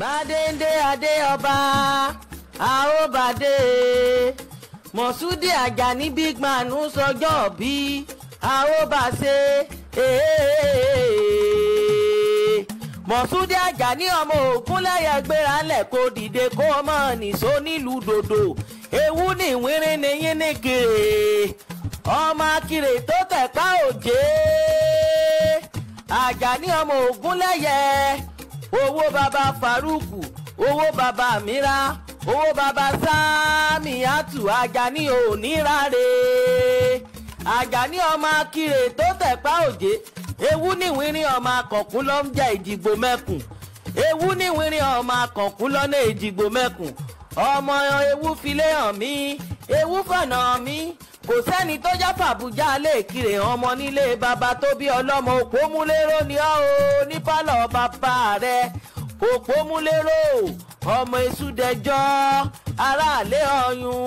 bàdéǹdé adé ọba àóbàdé mọ̀súdì àjàní big man ń sọjọ́ bí àóbàṣe mọ̀súdì àjàní ọmọ ògúnlẹ̀yẹ gbéra lẹ̀ kó dìde kó mọ̀ nìṣó nílùú dòdò ewu ní ìwérin ní yín ní gèrè ọmọ akirè tó tẹ̀ka òjé àjàní ọmọ ògúnlẹ̀yẹ owó baba faruku owó baba mira owó baba samiatu ajani onírare ajani ọmọ akire tó tẹ̀pá òjé ewu níwìnrin ọmọ akọ̀kún ló ń jẹ́ ìdìgbò mẹ́kùn ewu níwìnrin ọmọ akọ̀kún ló ní ìdìgbò mẹ́kùn ọmọ ewu filé hàn mí ewu fọ̀nà mi kò sẹ́ni tó jáfà àbújá alẹ́ ìkirè hàn ọmọ nílé bàbá tó bí ọlọ́mọ òpómúlérò ni ọ́ o ní pálọ̀ bàbá rẹ̀ òpómúlérò ọmọ èsúdẹjọ́ aráàlẹ́ ọyún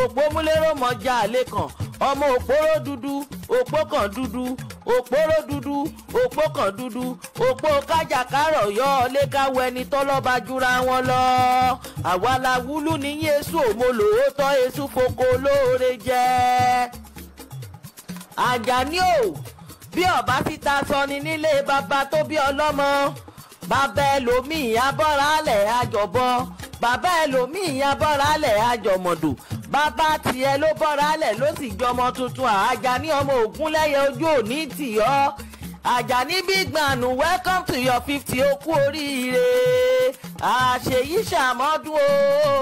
òpómúlérò mọ́jà àlẹ́ kan ọmọ òpóró dúdú òpó kan dúdú òpóró dúdú òpó kan dúdú òpó kájàkárọ̀ yọ ọlé káwọ ẹni tọ́lọ́ba jura wọn lọ. àwa la wúlú ní yéésù òmolò ó tọ́ èṣù foko olóore jẹ́. àjàní o bí ọba fi ta sọni nílé bàbá tó bí ọlọ́mọ bàbá ẹlòmíì abọ́ra alẹ̀ àjọ̀bọ bàbá ẹlòmíì abọ́ra alẹ̀ àjọ̀mọ̀dò bàbá tiẹ̀ ló bọ́ra lẹ̀ ló sì jọmọ tuntun Àjàní ọmọ Ògúnlẹ́yẹ ojú òní tìyọ́ Àjàní big man welcome to your fifty ó oríire àṣeyí ṣàmọ́dún o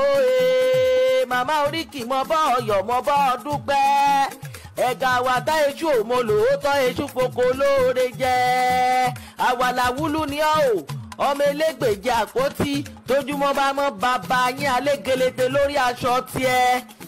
màmá oríkì mọ bọ́ ọyọ̀ mọ bọ́ ọdún pẹ́ ẹ̀gà àwàdá eṣú òmò lòótọ́ eṣú foko lóore jẹ́ àwàlàwúlú ni ọ́ o ọmọ elégbèje àpótí tójúmọ́ bá mọ́ bàbá yín alégele lórí aṣọ tiẹ̀.